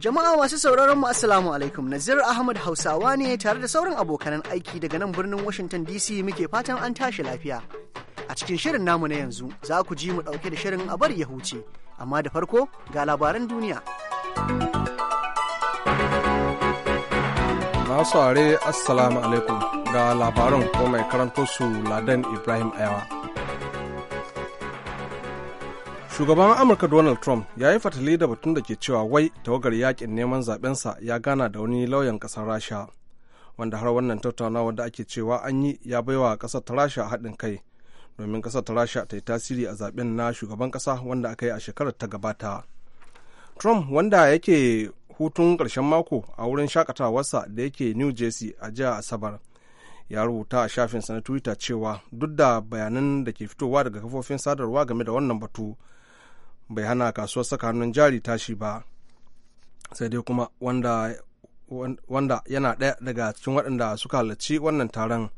Jama'a masu sauraron mu Assalamu alaikum Nazir Ahmad Hausawa ne tare da sauran abokanan aiki daga nan birnin Washington DC muke fatan an tashi lafiya. A cikin shirin namu na yanzu za ku ji mu ɗauke da shirin a bari ya huce, amma da farko ga labaran duniya. Masu are Assalamu alaikum ga labaran ko mai karanto su Ladan Ibrahim Ayawa. shugaban amurka donald trump ya yi fatali da batun da ke cewa wai tawagar yakin neman zabensa ya gana da wani lauyan kasar rasha wanda har wannan tattaunawa da ake cewa an yi ya baiwa kasar ta rasha haɗin kai domin kasar ta rasha ta yi tasiri a zaben na shugaban kasa wanda aka yi a shekarar ta gabata trump wanda yake hutun ƙarshen mako a wurin shakatawarsa da yake new jersey a jiya asabar ya rubuta a shafinsa na twitter cewa duk da bayanan da ke fitowa daga kafofin sadarwa game da wannan batu bai hana kasuwar saka hannun jari tashi ba sai dai kuma wanda wanda yana ɗaya daga cikin waɗanda suka halarci wannan taron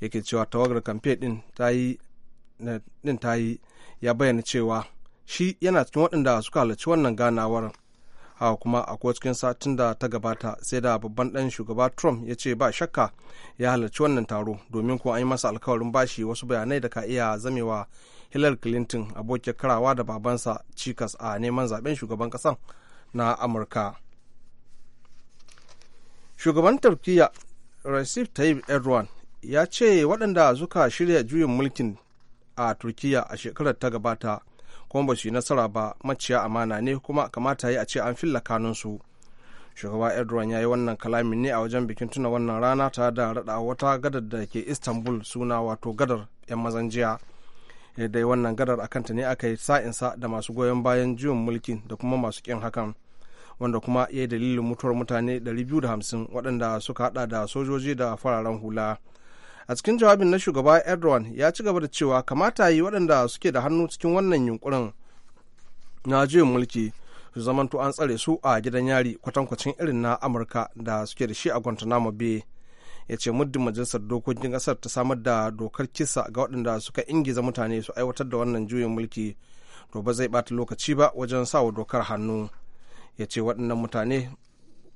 yake cewa tawagar kamfe ɗin ta yi ya bayyana cewa shi yana cikin waɗanda suka halarci wannan ganawar haka kuma a cikin satin da ta gabata sai da babban dan shugaba trump ya ce ba shakka ya halarci wannan taro domin kuwa an yi masa alkawarin bashi wasu bayanai da ka iya zamewa hillary clinton abokin karawa da babansa cikas a neman zaben shugaban kasan na amurka shugaban turkiyya recep tayyip erdogan ya ce waɗanda suka shirya juyin mulkin a turkiyya a shekarar ta gabata kuma ba su yi nasara ba maciya amana ne kuma kamata yi a ce an filla kanunsu shugaba erdogan ya yi wannan kalamin ne a wajen bikin tuna wannan rana tare da raɗa wata gadar da ke istanbul suna wato gadar 'yan mazan jiya yi wannan gadar a kanta ne aka yi sa'insa da masu goyon bayan juyin mulkin da kuma masu kin hakan wanda kuma ya yi dalilin mutuwar mutane 250 waɗanda suka hada da sojoji da fararen hula. a cikin jawabin na shugaba erdogan ya ci gaba da cewa kamata yi waɗanda suke da hannu cikin wannan yunkurin na juyin mulki su zamanto an tsare su a gidan yari kwatankwacin irin na amurka da suke da shi a guantanamo bay ya ce muddin majalisar dokokin kasar ta samar da dokar kisa ga waɗanda suka ingiza mutane su aiwatar da wannan juyin mulki to ba zai ɓata lokaci ba wajen sawa dokar hannu ya ce waɗannan mutane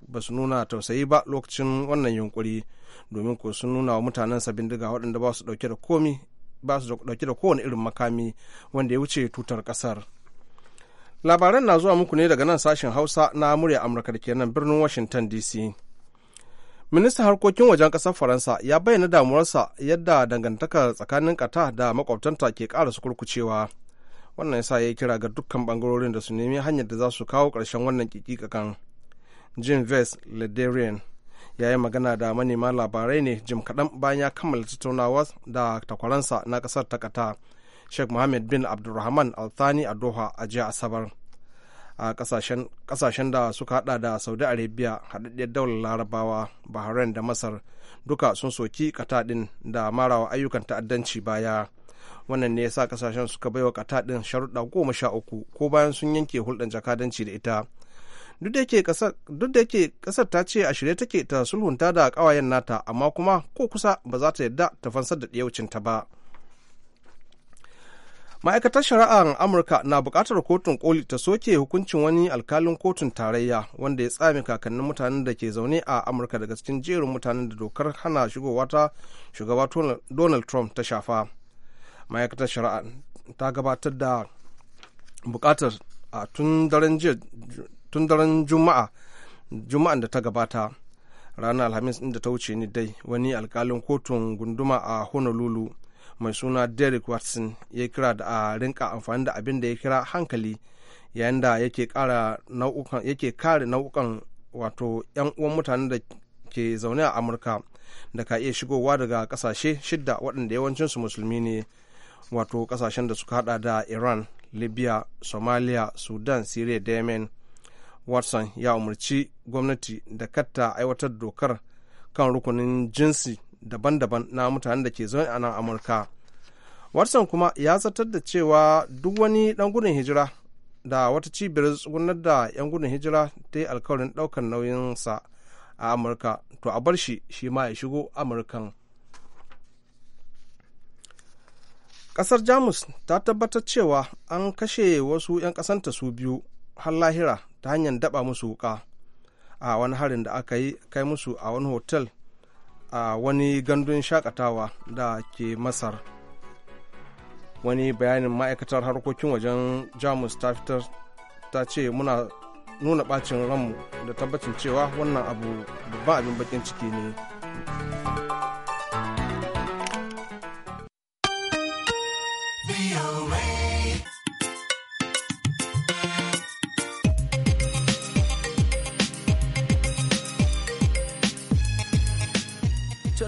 ba su nuna tausayi ba lokacin wannan yunkuri domin ko sun nuna wa mutanen bindiga waɗanda ba su ɗauke da komi ba su ɗauke da kowane irin makami wanda ya wuce tutar ƙasar labaran na zuwa muku ne daga nan sashen hausa na murya amurka da ke nan birnin washington dc ministan harkokin wajen ƙasar faransa ya bayyana damuwarsa yadda dangantaka tsakanin kata da makwabtanta ke ƙara su kurkucewa wannan yasa ya yi kira ga dukkan bangarorin da su nemi hanyar da za su kawo ƙarshen wannan kikikakan jean ves lederian ya yi magana da manema labarai ne jim kaɗan bayan ya kammala tattaunawa da takwaransa na ƙasar ta kata sheikh mohammed bin abdulrahman althani a doha a jiya asabar a ƙasashen da suka hada da saudi arabia haɗaɗɗiyar daular larabawa bahrain da masar duka sun soki kata ɗin da marawa ayyukan ta'addanci baya wannan ne ya sa ƙasashen suka baiwa kata ɗin sharuɗa goma sha uku ko bayan sun yanke hulɗar jakadanci da ita duk da yake kasar ta ce a shirye take ta sulhunta da kawayen nata amma kuma ko kusa ba za ta yadda ta fansar da ta ba ma'aikatar shari'ar amurka na buƙatar kotun koli ta soke hukuncin wani alkalin kotun tarayya wanda ya tsame kakannin mutanen da ke zaune a amurka daga cikin jerin mutanen da dokar hana shigowa ta shugaba donald trump ta shafa ma'aikatar shari'ar ta gabatar da buƙatar a tun daren jiya tun daren juma'a juma'an da ta gabata ranar alhamis inda ta wuce ni dai wani alkalin kotun gunduma a honolulu mai suna derek watson ya kira da a rinka amfani da abin da ya kira hankali yayin da yake kare nau'ukan wato 'yan uwan mutanen da ke zaune a amurka da ka iya shigowa daga kasashe shidda waɗanda yawancinsu musulmi ne wato kasashen da suka hada da iran libya somalia sudan syria da yemen watson ya umarci gwamnati da katta aiwatar dokar kan rukunin jinsi daban-daban na mutanen da ke zaune a nan amurka watson kuma ya zartar da cewa duk wani dan gudun hijira da wata cibiyar tsugunar da 'yan gudun hijira ta yi alkawarin ɗaukar nauyinsa a amurka to a bar shi shi ma ya shigo amurkan kasar jamus ta tabbatar cewa an kashe wasu 'yan kasanta su biyu har lahira ta hanyar daba musu wuka a wani harin da aka yi kai musu a wani hotel a wani gandun shakatawa da ke masar wani bayanin ma'aikatar harkokin wajen jamus ta fitar ta ce muna nuna bacin ranmu da tabbacin cewa wannan abu babban abin bakin ciki ne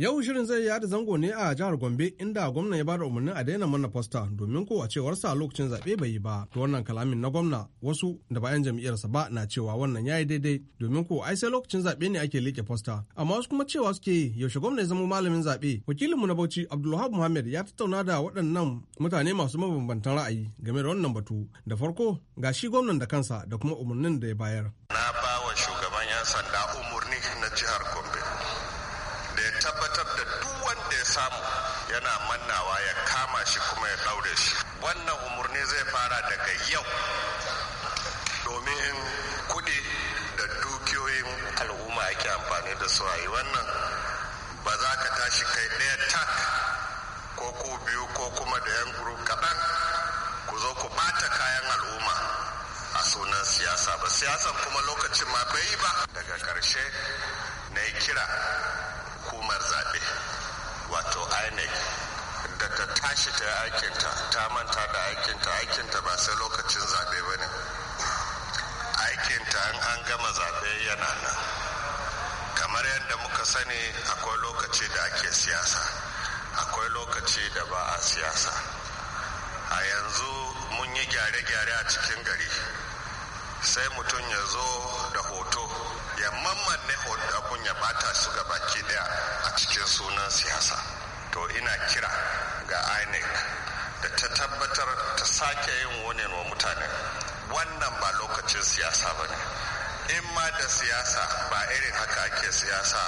Yau shirin zai yada zango ne a jihar Gombe inda gwamna ya bada umarnin a daina mana fosta domin ko a sa lokacin zaɓe bai yi ba. To wannan kalamin na gwamna wasu da bayan jam'iyyarsa ba na cewa wannan ya yi daidai domin ko ai sai lokacin zaɓe ne ake liƙe fosta. Amma wasu kuma cewa suke yi yaushe gwamna ya zama malamin zaɓe. Wakilinmu na Bauchi Abdulwahab Muhammad ya tattauna da waɗannan mutane masu mabambantan ra'ayi game da wannan batu. Da farko ga shi gwamnan da kansa da kuma umarnin da ya bayar. wannan umarni zai fara daga yau domin kuɗi da dukiyoyin al'umma ake amfani da su a yi wannan ba za ka tashi kai ɗaya tak ko ku biyu ko kuma da 'yan guru kaɗan ku zo ku bata kayan al'umma a sunan siyasa ba siyasan kuma lokacin ma bai ba daga ƙarshe na kira hukumar zaɓe wato inec da ta tashi ta aikinta ta manta da aikinta aikinta ba sai lokacin zaɓe ba ne aikinta an gama zaɓe yana nan kamar yadda muka sani akwai lokaci da ake siyasa akwai lokaci da ba a siyasa a yanzu mun yi gyare-gyare a cikin gari sai mutum ya zo da hoto ya mamman hoto abun ya bata su ga baki daya a cikin sunan siyasa to ina kira ga inec da ta tabbatar ta sake yin wani wa mutane wannan ba lokacin siyasa ba ne in ma da siyasa ba irin haka ake siyasa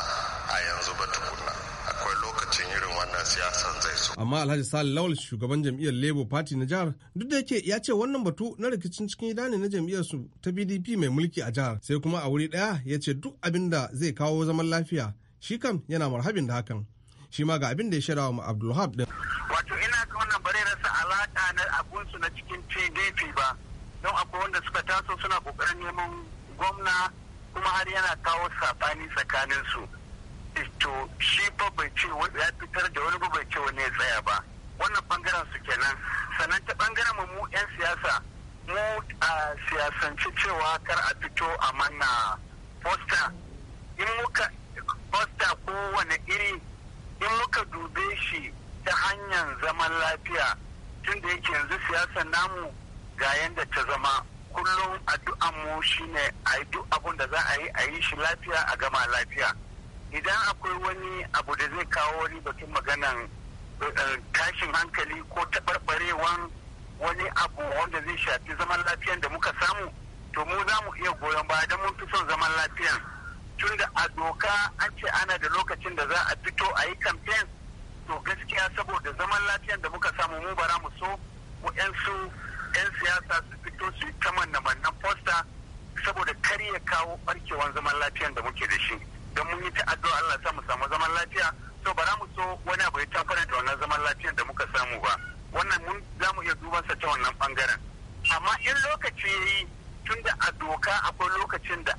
a yanzu ba tukunna akwai lokacin irin wannan siyasan zai so. Amma Alhaji Sale Lawal shugaban jam'iyyar Labour Party na jihar duk da yake ya ce wannan batu na rikicin cikin gida ne na jam'iyyar su ta PDP mai mulki a jihar sai kuma a wuri daya ya ce duk abin da zai kawo zaman lafiya shi kam yana marhabin da hakan. shi ma ga abin da ya shirya wa abdulhab din wato ina ga wannan bare rasa alaka na abunsu na cikin pdp ba don akwai wanda suka taso suna kokarin neman gwamna kuma har yana kawo sabani tsakanin su eh, to shi ba bai ce ya fitar da wani ba bai ce wani ya tsaya ba wannan bangaren su kenan sannan ta bangaren mu 'yan siyasa mu a siyasance cewa kar a fito a manna posta in muka posta kowane iri in muka dube shi ta hanyar zaman lafiya tun da yake yanzu siyasar namu ga yadda ta zama kullum addu'anmu shi ne a yi duk abin da za a yi a yi shi lafiya a gama lafiya idan akwai wani abu da zai kawo wani batun maganan eh, tashin hankali ko taɓarɓarewan wani abu wanda zai shafi zaman lafiyan da muka samu to mu za mu iya goyon baya don mun fi son zaman lafiyan tunda a doka an ce ana da lokacin da za a fito a yi kamfen to gaskiya saboda zaman lafiyan da muka samu mu bara mu so su 'yan siyasa su fito su yi na manna fosta saboda kar ya kawo barkewan zaman lafiyan da muke da shi don mun yi ta addu'a Allah sa mu samu zaman lafiya to bara mu so wani abu ya tafana da wannan zaman lafiyan da muka samu ba wannan mun za mu iya duban sa ta wannan bangaren amma in lokaci ya yi Tunda a doka akwai lokacin da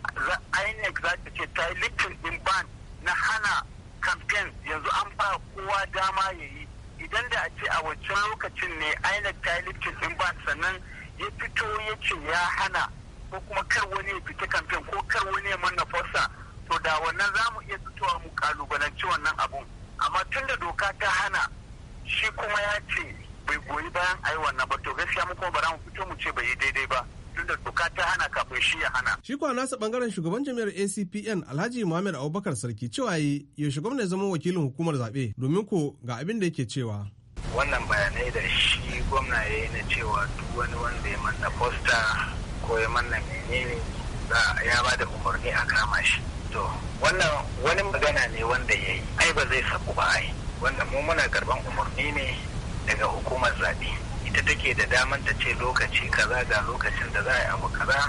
inec za ta ce ta yi littin din ban na hana kamfen yanzu an ba kowa dama ya yi idan da a ce a wancan lokacin ne inec ta yi littin din ban sannan ya fito ya ce ya hana ko kuma kar wani ya fita kamfen ko kar wani ya manna fossa to da wannan za mu iya fitowa mu kalubalanci wannan abun amma tunda doka ta hana shi kuma ya ce bai goyi bayan ai wannan ba to gaskiya mu kuma ba za mu fito mu ce bai yi daidai ba tunda doka ta hana kafin shi ya hana. Shi kuwa nasa bangaren shugaban jami'ar ACPN Alhaji Muhammad Abubakar Sarki cewa yi yaushe gwamna zama wakilin hukumar zaɓe domin ko ga abin da yake cewa. Wannan bayanai da shi gwamna ya yi na cewa duk wani wanda ya manna fosta ko ya manna menene ya ba da umarni a kama shi. To wannan wani magana ne wanda ya yi ai ba zai sabu ba ai. Wannan mu muna karban umarni ne daga hukumar zaɓe. ita take da daman ta ce lokaci kaza ga lokacin da za a yi abu kaza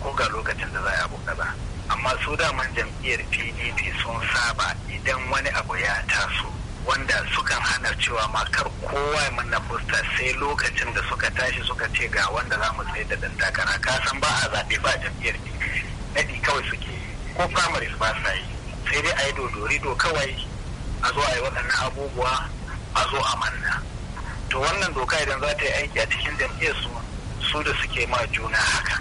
ko ga lokacin da za a yi abu kaza amma su daman jam'iyyar pdp sun saba idan wani abu ya taso wanda sukan hana cewa makar kar kowa ya manna fusta sai lokacin da suka tashi suka ce ga wanda za mu tsaye da dan takara ka san ba a zaɓe ba jam'iyyar pdp nadi kawai suke ko primaries ba sa yi sai dai a yi dodorido kawai a zo a yi waɗannan abubuwa a zo a manna to wannan doka idan za ta yi aiki a cikin jam'iyyar su su da suke ma juna haka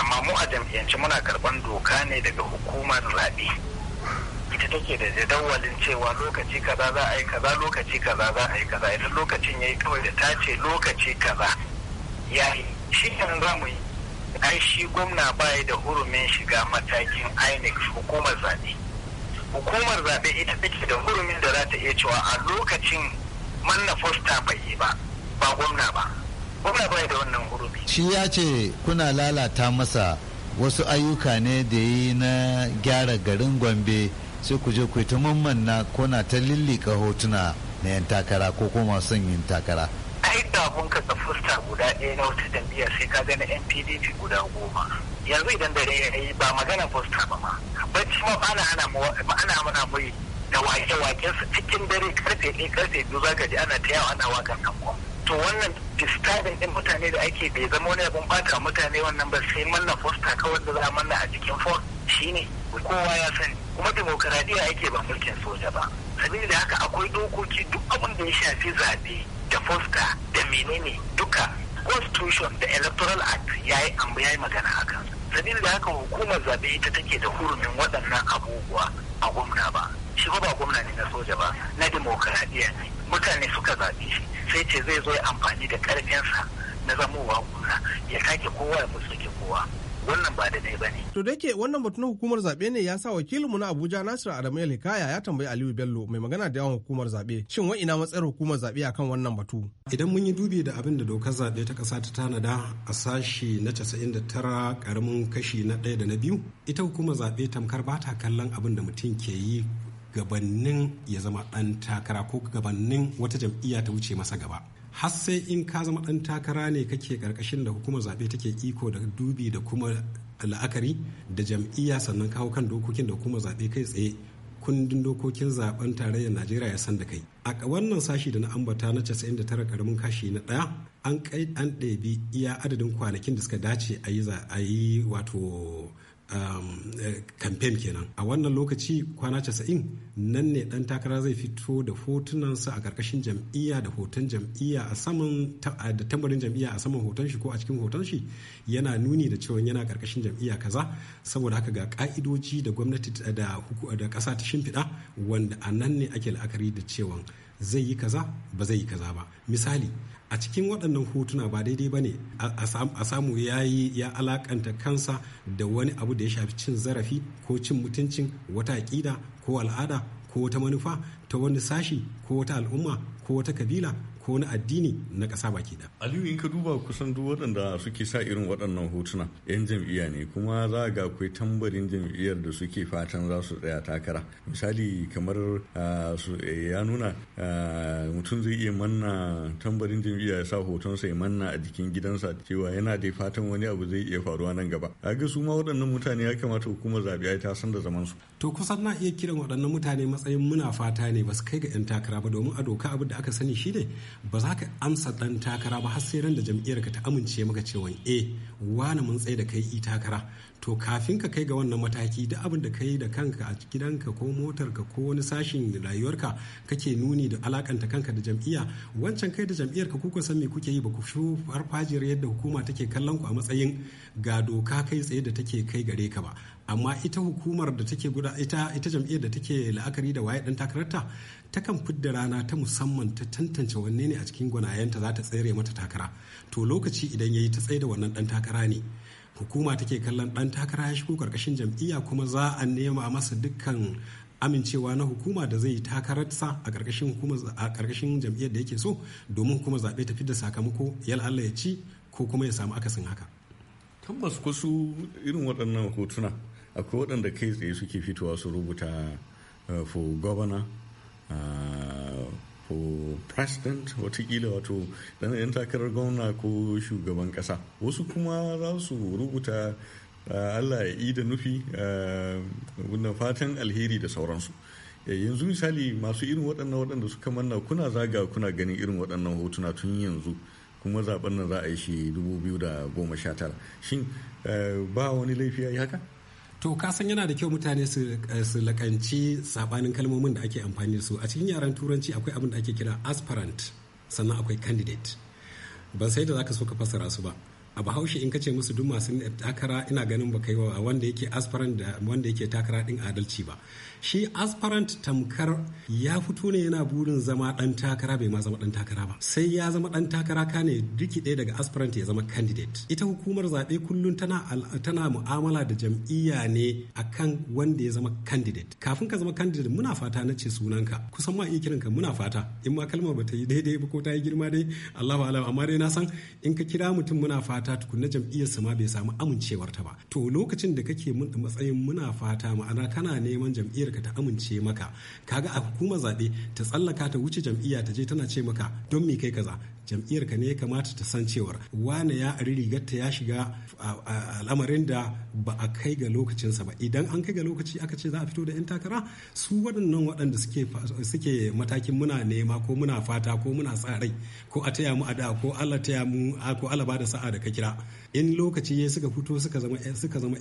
amma mu a jam'iyyance muna karban doka ne daga hukumar zaɓe ita take da jadawalin cewa lokaci kaza za a yi kaza lokaci kaza za a yi kaza idan lokacin ya yi kawai da ta ce lokaci kaza ya yi shi kan za mu yi ai shi gwamna baya da hurumin shiga matakin inec hukumar zaɓe hukumar zaɓe ita take da hurumin da za ta iya cewa a lokacin manna fosta bai yi ba ba gwamna ba gwamna bai da wannan hurumi shi ya ce kuna lalata masa wasu ayyuka ne da yi na gyara garin gombe sai ku je ku ta mammanna na ta lillika hotuna na yan takara ko kuma son yin takara ai kafin ka ga fusta guda ɗaya na wata jam'iyya sai ka ga na npdp guda goma yanzu idan dare ya yi ba magana fusta ba ma bacci ma ana ana ana mana mai da wake-waken su cikin dare karfe ɗaya karfe biyu za ka ji ana ta yawa ana wakan kanko to wannan disturbing din mutane da ake bai zama wani abin bata mutane wannan ba sai manna fosta kawai da za a manna a cikin shi shine kowa ya sani kuma demokaradiyya ake ba mulkin soja ba sabili da haka akwai dokoki duk abin da ya shafi zaɓe da fosta da menene duka constitution da electoral act ya yi ya yi magana akan sabili da haka hukumar zaɓe ita take da hurumin waɗannan abubuwa a gwamna ba shi ba gwamna na soja ba na demokaradiyya ne mutane suka zaɓe shi sai ce zai zo amfani da ƙarfinsa na zamowa gwamna ya kake kowa ya musuke kowa wannan ba da ba ne. To da ke wannan batu hukumar zaɓe ne ya sa wakilinmu na Abuja Nasiru Adamu Hikaya ya tambayi Aliyu Bello mai magana da yawan hukumar zaɓe. Shin wa ina matsayar hukumar zaɓe akan wannan batu? Idan mun yi dubi da abin da dokar zaɓe ta ƙasa ta tanada a sashi na casa'in da tara ƙaramin kashi na ɗaya da na biyu, ita hukumar zaɓe tamkar ba ta kallon abin da mutum ke yi gabannin ya zama ɗan takara ko gabannin wata jam'iyya ta wuce masa gaba har sai in ka zama ɗan takara ne kake karkashin da hukumar zaɓe take iko da dubi da kuma la'akari da jam'iyya sannan kawo kan dokokin da hukumar zaɓe kai tsaye kundin dokokin zaben tarayyar najeriya ya san da kai a wannan sashi da na ambata na 99 karamin kashi na ɗaya an kai an iya adadin kwanakin da suka dace a yi wato kamfen um, eh, kenan a wannan lokaci kwana casa'in nan ne dan takara zai fito da hotunansa a karkashin jam'iyya da hoton jam'iyya a saman da tambarin jam'iyya a saman hoton shi ko a cikin hoton shi yana nuni da cewa yana karkashin jam'iyya kaza saboda haka ga ka'idoji da gwamnati da kasa ta shimfiɗa wanda a nan ne ake la'akari da cewa zai yi kaza ba zai yi kaza ba misali a cikin waɗannan hotuna ba daidai ba ne a samu ya yi ya alakanta kansa da wani abu da ya shafi cin zarafi ko cin mutuncin wata aƙida ko al'ada ko wata manufa ta wani sashi ko wata al'umma ko wata kabila ko na addini na ƙasa baki da. Aliyu in ka duba kusan duk waɗanda suke sa irin waɗannan hotuna 'yan jam'iyya ne kuma za ga akwai tambarin jam'iyyar da suke fatan za su tsaya takara. Misali kamar eh, ya nuna mutum zai iya manna tambarin jam'iyya ya sa hotonsa ya manna a jikin gidansa cewa yana da fatan wani abu zai iya faruwa nan gaba. A ga su ma waɗannan mutane ya kamata hukumar zaɓe ta san da su To kusan na iya kiran waɗannan mutane matsayin muna fata ne ba su kai ga 'yan takara ba domin a doka abu da aka sani shi ne ba za ka amsa dan takara ba har sai ran da jam'iyyar ka ta amince maka cewa eh wani mun tsaye da kai i takara to kafin ka kai ga wannan mataki da abin da kai da kanka a gidanka ko motarka ko wani sashin rayuwarka kake nuni da alakanta kanka da jam'iyya wancan kai da jam'iyyar ka kuka san me kuke yi ba ku shu farfajiyar yadda hukuma take kallon ku a matsayin ga doka kai tsaye da take kai gare ka ba amma ita hukumar da take guda ita ita jam'iyyar da take la'akari da waye dan takararta takan fidda rana ta musamman ta tantance wanne ne a cikin gwanayenta za ta tsere mata takara to lokaci idan ya yi ta tsaye da wannan dan takara ne hukuma take kallon dan takara ya shigo karkashin jam'iyya kuma za a nema masa dukkan amincewa na hukuma da zai takararsa a karkashin a karkashin jam'iyyar da yake so domin hukuma zaɓe ta fidda sakamako yal Allah ya ci ko kuma ya samu akasin haka. Tabbas kusu irin waɗannan hotuna akwai waɗanda kai tsaye suke fitowa su rubuta eh, for governor ko ah, president watakila wato dan yan takarar gwamna ko shugaban kasa wasu kuma za su rubuta ah, allah ya yi da nufi wannan ah, fatan alheri da sauransu eh, yanzu misali masu irin waɗannan waɗanda suka manna kuna zaga kuna ganin irin waɗannan hotuna tun yanzu kuma zaɓen nan za a yi shi 2019 shin eh, ba wani laifi ya yi haka To ka san yana da kyau mutane su eh, lakanci sabanin kalmomin da ake amfani da su a cikin yaren turanci akwai abin da ake kira aspirant sannan akwai candidate ban sai da zaka so ka fassara su ba a bahaushe in ka ce musu duk masu takara ina ganin baka yi wa wanda yake aspirant da wanda yake takara din adalci ba shi aspirant tamkar ya fito ne yana burin zama dan takara bai ma zama dan takara ba sai ya zama dan takara ka ne duki ɗaya daga aspirant ya zama candidate ita hukumar zaɓe kullum tana tana mu'amala da jam'iyya ne akan wanda ya zama candidate kafin ka zama candidate muna fata na ce sunanka kusan ma iya ka muna fata in ma kalmar ba yi daidai ba ko ta yi girma dai Allahu alam amma dai na san in ka kira mutum muna fata tukunna sa ma bai samu amincewar ta ba to lokacin da kake matsayin muna fata ma'ana kana neman jam'iyyar jam'iyyarka ta amince maka kaga a hukumar zaɓe ta tsallaka ta wuce jam'iyya ta je tana ce maka don me kai kaza jam'iyyar ka ne ya kamata ta san cewar wane ya ari rigarta ya shiga al'amarin da ba a kai ga lokacinsa ba idan an kai ga lokaci aka ce za a fito da 'yan takara su waɗannan waɗanda suke matakin muna nema ko muna fata ko muna sa rai ko a taya mu a da ko Allah taya mu ko Allah ba da sa'a da ka kira in lokaci ya suka fito suka zama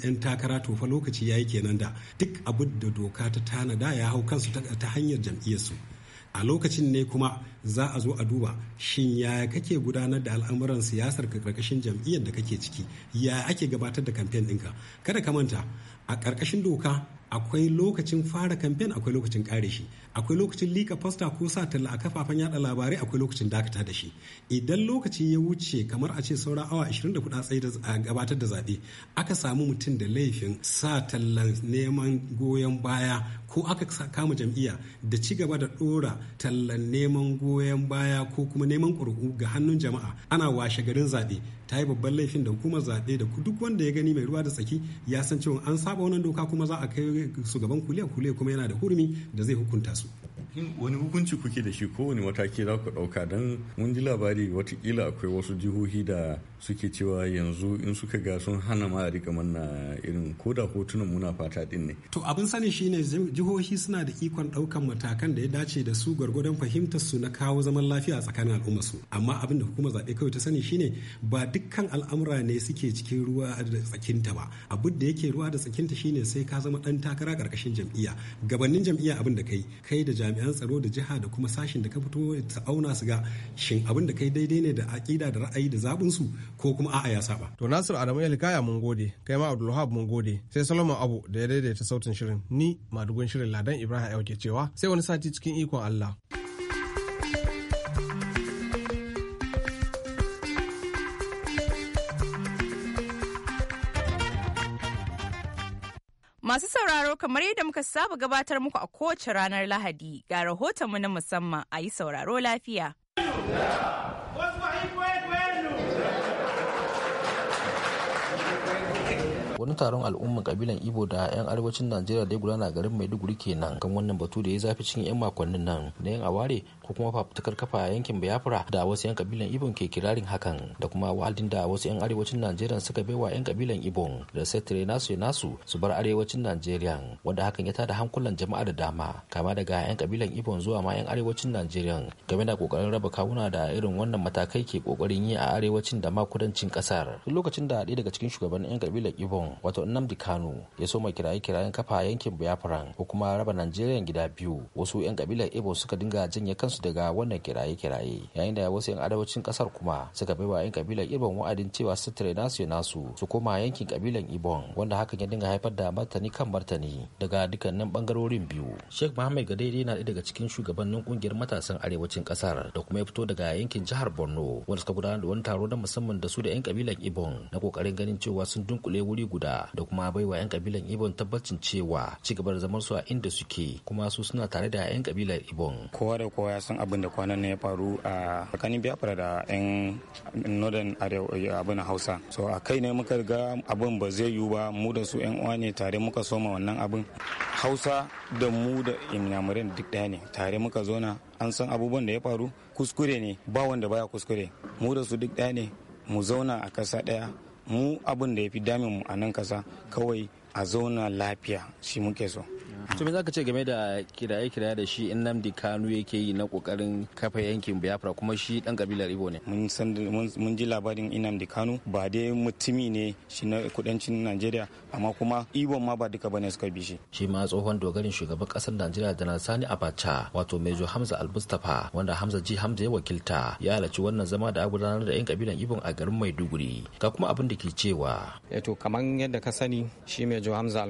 'yan takara to fa lokaci ya yi kenan da duk abin da doka ta tanada ya hau kansu ta hanyar jam'iyyarsu. su a lokacin ne kuma za a zo a duba shin yaya kake gudanar da al'amuran siyasar ka karkashin jam'iyyar da kake ciki yaya ake gabatar da kamfen ɗinka kada ka manta a karkashin doka akwai lokacin fara kamfen akwai lokacin kare shi akwai lokacin lika fasta ko sa talla a kafafen yada labarai akwai lokacin dakata da shi idan lokaci ya wuce kamar a ce saura awa 24 a tsaye a gabatar da zaɓe aka samu mutum da laifin sa tallan neman goyon baya ko aka kama jam'iyya da ci gaba da ɗora tallan neman goyon baya ko kuma neman ƙuri'u ga hannun jama'a ana washe garin zaɓe ta yi babban laifin da hukumar zaɓe da duk wanda ya gani mai ruwa da tsaki ya san cewa an saba wannan doka kuma za a kai su gaban kuliya kuliya kuma yana da hurumi da zai hukunta su wani hukunci kuke da shi kowane mataki za ku ɗauka don mun ji labari watakila akwai wasu jihohi da suke cewa yanzu in suka ga sun hana ma a rika manna irin koda hotunan muna fata din ne. to abin sani shine jihohi suna da ikon ɗaukan matakan da ya dace da su gwargwadon fahimtar su na kawo zaman lafiya a tsakanin al'umma su amma abin da hukumar zaɓe kawai ta sani shine ba dukkan al'amura ne suke cikin ruwa da tsakinta ba abin da yake ruwa da tsakinta shine sai ka zama ɗan takara ƙarƙashin jam'iyya gabanin jam'iyya abin da kai kai da jami'an jami'an tsaro da jiha da kuma sashen da ka fito ta auna su ga shin abin da kai daidai ne da aƙida da ra'ayi da zaɓin su ko kuma a'a ya saba. To Nasir Adamu Yalikaya mun gode, kai ma Abdulwahab mun gode, sai Salomon Abu da ya daidaita sautin shirin ni madugun shirin Ladan Ibrahim ya ke cewa sai wani sati cikin ikon Allah. Masu sauraro kamar yadda muka saba gabatar muku a kowace ranar Lahadi ga rahotonmu na musamman a yi sauraro lafiya. wani taron al'umman kabilan ibo da 'yan arewacin najeriya da ya gudana garin maiduguri kenan kan wannan batu da ya zafi cikin 'yan makonnin nan na yan aware ko kuma fafutukar kafa yankin biafra da wasu 'yan kabilan ibon ke kirarin hakan da kuma wa'adin da wasu 'yan arewacin najeriya suka wa 'yan kabilan ibon da settare nasu ya nasu su bar arewacin najeriya wanda hakan ya tada hankulan jama'a da dama kama daga 'yan kabilan ibon zuwa ma 'yan arewacin najeriya game da kokarin raba kawuna da irin wannan matakai ke kokarin yi a arewacin da ma kudancin kasar lokacin da ɗaya daga cikin shugaban 'yan kabilan ibon wato wato namdi kano ya soma kiraye-kirayen kafa a yankin Biafran ko kuma raba Najeriya gida biyu wasu 'yan kabilar Ibo suka dinga janye kansu daga wannan kiraye-kiraye yayin da wasu 'yan arewacin kasar kuma suka bai wa 'yan kabilar Ibon wa'adin cewa su tare nasu ya nasu su koma yankin kabilar Ibon wanda haka ya dinga haifar da martani kan martani daga dukkanin bangarorin biyu. Sheikh Muhammad Gadai na daga cikin shugabannin kungiyar matasan arewacin kasar da kuma ya fito daga yankin jihar Borno wanda suka gudanar da wani taro na musamman da su da 'yan kabilar Ibon na kokarin ganin cewa sun dunkule wuri guda da kuma baiwa 'yan kabilan ibon tabbacin cewa ci gaba da zamar su a inda suke kuma su suna tare da 'yan kabilar ibon kowa da kowa ya san abin da kwanan ne ya faru a tsakanin biafra da 'yan northern abin hausa so a kai ne muka ga abin ba zai yiwu ba mu da su 'yan uwa ne tare muka soma wannan abin hausa da mu da inyamurin duk ɗaya ne tare muka zona an san abubuwan da ya faru kuskure ne ba wanda baya kuskure mu da su duk ɗaya ne mu zauna a kasa ɗaya mu abin da ya fi damin mu a nan kasa kawai a zauna lafiya shi muke so to me zaka ce game da kiraye kiraye da shi namdi Kanu yake yi na kokarin kafa yankin Biafra kuma shi dan kabilar ibo ne mun ji labarin namdi Kanu ba dai mutumi ne shi na kudancin Najeriya amma kuma ibo ma ba duka bane suka bi shi shi ma tsohon dogarin shugaban kasar Najeriya na Sani Abacha wato Mejo Hamza al wanda Hamza Ji Hamza ya wakilta ya halarci wannan zama da gudanar da yan kabilan ibo a garin Maiduguri ga kuma abin da ke cewa eto eh kamar yadda ka sani shi Mejo Hamza al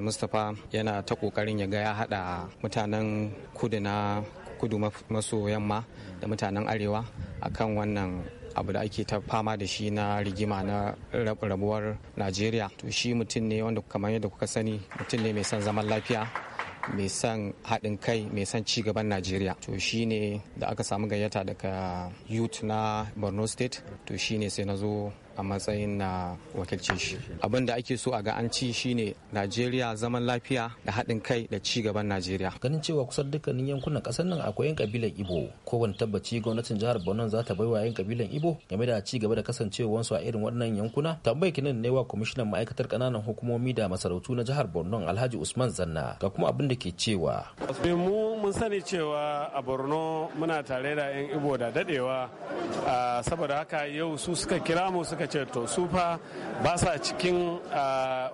yana ta kokarin ya gaya. ya haɗa mutanen kudu na kudu maso yamma da mutanen arewa akan wannan abu da ake ta fama da shi na rigima na rabuwar najeriya to shi mutum ne wanda kamar yadda kuka sani mutum ne mai son zaman lafiya mai son haɗin kai mai son gaban najeriya to shi ne da aka samu gayyata daga youth na borno state to shi ne sai na zo a matsayin na wakilci shi abin da ake so a ga an ci shine najeriya zaman lafiya da haɗin kai da ci gaban najeriya ganin cewa kusan dukkanin yankunan ƙasar nan akwai yan kabilan ibo kowane tabbaci gwamnatin jihar borno za ta baiwa yan kabilan ibo game da ci gaba da kasancewarsu a irin waɗannan yankuna tambayi nan ne wa kwamishinan ma'aikatar kananan hukumomi da masarautu na jihar borno alhaji usman zanna ga kuma abin da ke cewa mu mun sani cewa a borno muna tare da yan ibo da dadewa saboda haka yau su suka kira mu suka ce to su fa ba sa cikin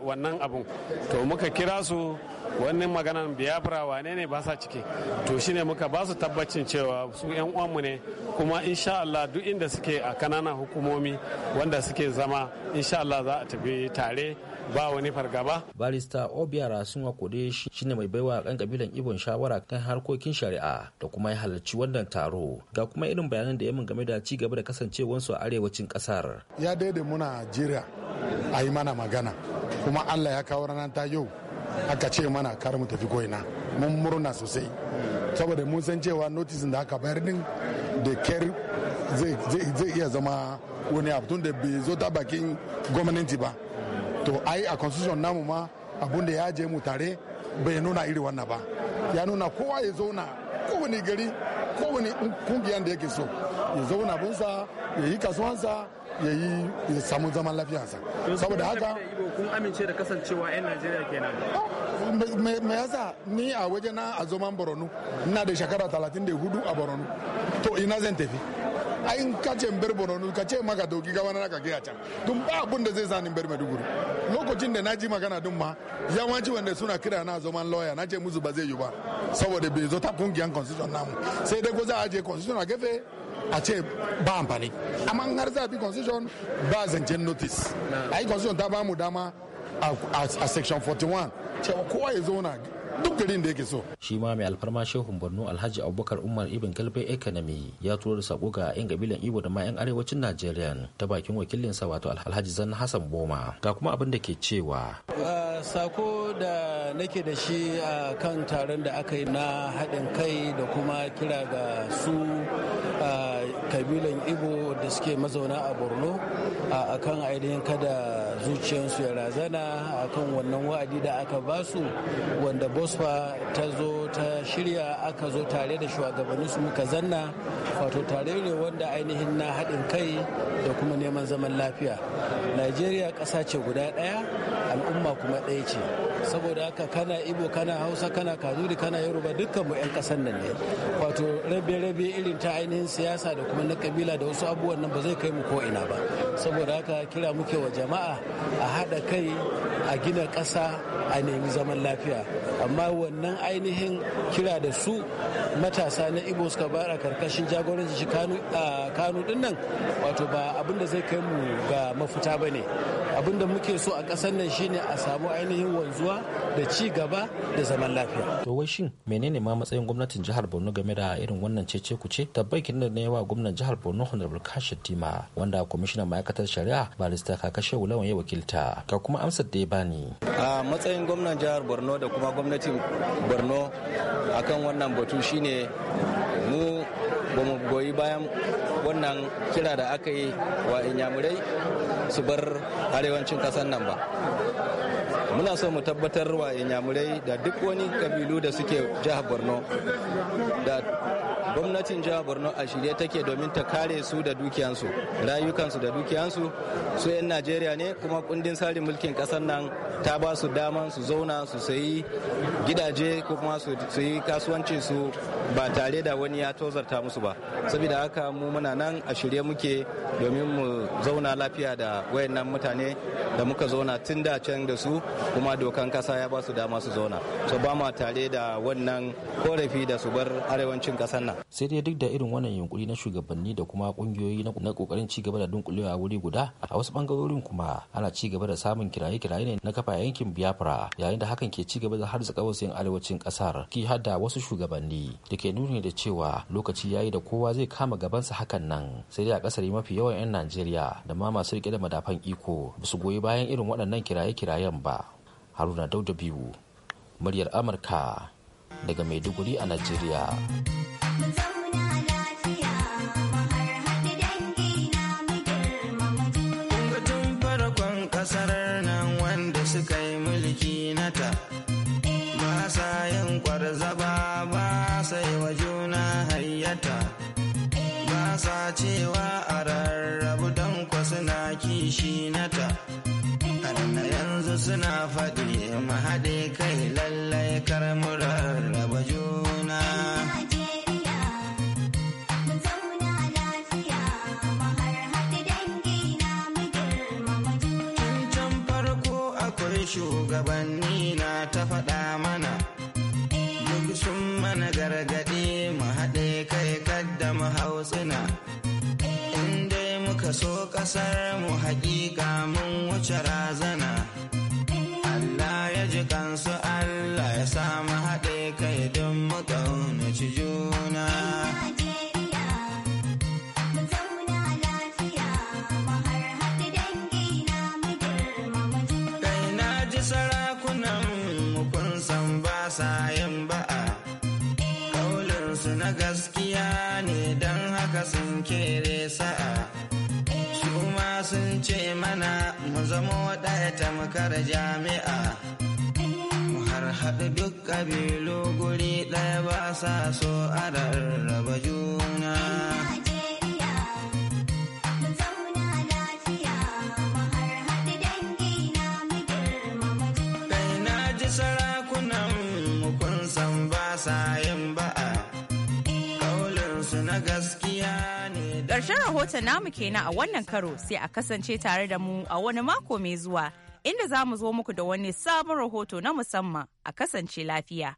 wannan abun to muka kira su wannan maganan biyafra wane ne ba sa ciki to shine muka ba su tabbacin cewa su yan uwanmu ne kuma insha Allah duk inda suke a kananan hukumomi wanda suke zama insha Allah za a tafi tare ba wani fargaba. Barista Obiara sun shi ne mai baiwa kan kabilan Ibon shawara kan harkokin shari'a da kuma ya halarci wannan taro. Ga kuma irin bayanan da ya mun game da ci gaba da kasancewansu a arewacin kasar. Ya daida muna jira a yi mana magana kuma Allah ya kawo ranar ta yau aka ce mana kar mu tafi koina mun murna sosai saboda mun san cewa notisin da aka bayar din da ker zai iya zama wani abu tun da bai zo ta bakin gwamnati ba to ai a constitution namu ma abun da ya je mu tare bai nuna iri wannan ba ya nuna kowa ya zauna kowane gari kowane kungiyar da yake so ya zauna bunsa, ya yi kasuwansa ya yi ya samu zaman lafiyarsa saboda haka kun amince da kasancewa 'yan najeriya kenan me yasa ni a waje na a zoman borno ina da shekara 34 a borno to ina zan tafi a in ka ce bar borno ka ce maka dauki gawana ka gaya can dun ba abun da zai sa ni bar maiduguri lokacin da na ji magana dun ma yawanci wanda suna kira na man lawyer na ce musu ba zai yi ba saboda bai zo ta kungiyan constitution namu sai dai ko za a je constitution a gefe a ce ba amfani amma har za a bi constitution ba zancen notice a constitution ta ba mu dama a section 41 cewa kowa ya zo na duk garin da yake so shi ma mai alfarma shehun borno alhaji abubakar umar ibn kalbe economy ya turo da sako ga yan kabilan ibo da ma yan arewacin najeriya ta bakin wakilin wakilinsa wato alhaji zan hassan boma ga kuma abin da ke cewa sako da nake da shi a kan taron da aka yi na haɗin kai da kuma kira ga su kabilan ibo da suke mazauna a borno a kan ainihin kada zuciyarsu ya razana a kan wannan wa'adi da aka basu wanda bosfa ta zo ta shirya aka zo tare da shugabannin su muka zanna wato tare ne wanda ainihin na haɗin kai da kuma neman zaman lafiya najeriya ƙasa ce guda ɗaya al'umma kuma ɗaya ce saboda haka kana ibo kana hausa kana kanuri kana yoruba dukkan mu 'yan kasar nan ne wato rabe-rabe irin ta ainihin siyasa da kuma na kabila da wasu abubuwan nan ba zai kai mu ko ina ba saboda haka kira muke wa jama'a a haɗa kai a gina kasa a nemi zaman lafiya amma wannan ainihin kira da su matasa na ibo suka bara karkashin jagoranci shi kanu din nan wato ba abin zai kai mu ga mafita ba ne abin da muke so a ƙasar nan shine a samu ainihin wanzuwa da ci gaba da zaman lafiya to wai shin menene ma matsayin gwamnatin jihar borno game da irin wannan cece kuce kin da ne wa gwamnan jihar borno honorable kashir tima wanda kwamishinan dakatar shari'a barista kakashe wulawan ya wakilta ka kuma amsar da ya bani a matsayin gwamnan jihar borno da kuma gwamnatin borno akan wannan batu shine mu ba mu goyi bayan wannan kira da aka yi wa inyamurai su bar arewacin kasar nan ba muna so mu tabbatar wa inyamurai da duk wani kabilu da suke jihar borno da gwamnatin jihar borno a shirye take domin ta kare su da dukiyansu rayukansu da dukiyansu su 'yan najeriya ne kuma kundin tsarin mulkin kasar nan ta ba su daman su zauna su sayi gidaje ko kuma su yi kasuwanci su ba tare da wani ya tozarta musu ba saboda haka mu muna nan a shirye muke domin mu zauna lafiya da wayannan mutane da muka zauna tun da can da su kuma dokan kasa ya ba su dama su zauna so ba ma tare da wannan korafi da su bar arewacin kasar nan sai dai duk da irin wannan yunkuri na shugabanni da kuma kungiyoyi na kokarin ci gaba da dunkulewa wuri guda a wasu bangarorin kuma ana ci gaba da samun kiraye-kiraye ne na kafa yankin biafra yayin da hakan ke ci gaba da harzuka wasu arewacin kasar ki hada wasu shugabanni da ke nuni da cewa lokaci yayi da kowa zai kama gabansa hakan nan sai dai a kasar mafi yawan 'yan najeriya da ma masu rike da madafan iko ba su goyi bayan irin waɗannan kiraye-kirayen ba haruna dauda biyu muryar amurka daga maiduguri a najeriya kasar nan wanda suka yi mulki nata eh. ba sa yin kwarzaba ba sai wa juna hayyata eh. ba sa cewa a rarrabu don kwa suna kishi nata yanzu suna faɗi mu haɗe kai lallai kar mu rarraba juna shugabanni na ta faɗa mana eh. duk sun mana gargaɗi mu haɗe kai kadda mu hautsina eh. in dai muka so ƙasar mu haƙiƙa mun wuce razana sarakunan kun san ba sa yin ba'a kaulinsu na gaskiya ne don haka sun kere sa'a su ma sun ce mana mu zamo ɗaya tamkar jami'a mu har haɗu duk ƙabilu guri ɗaya ba sa so a rarraba juna Ƙarshen rahoton namu kenan a wannan karo sai a kasance tare da mu a wani mako mai zuwa inda za mu zo muku da wani sabon rahoto na musamman a kasance lafiya.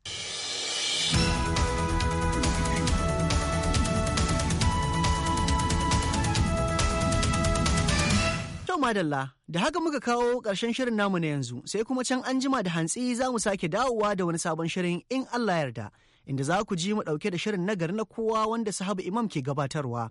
madalla da haka muka kawo ƙarshen shirin namu na yanzu sai kuma can an jima da hantsi za mu sake dawowa da wani sabon shirin in Allah yarda inda za ku ji mu ɗauke da shirin nagari na kowa wanda sahabu imam ke gabatarwa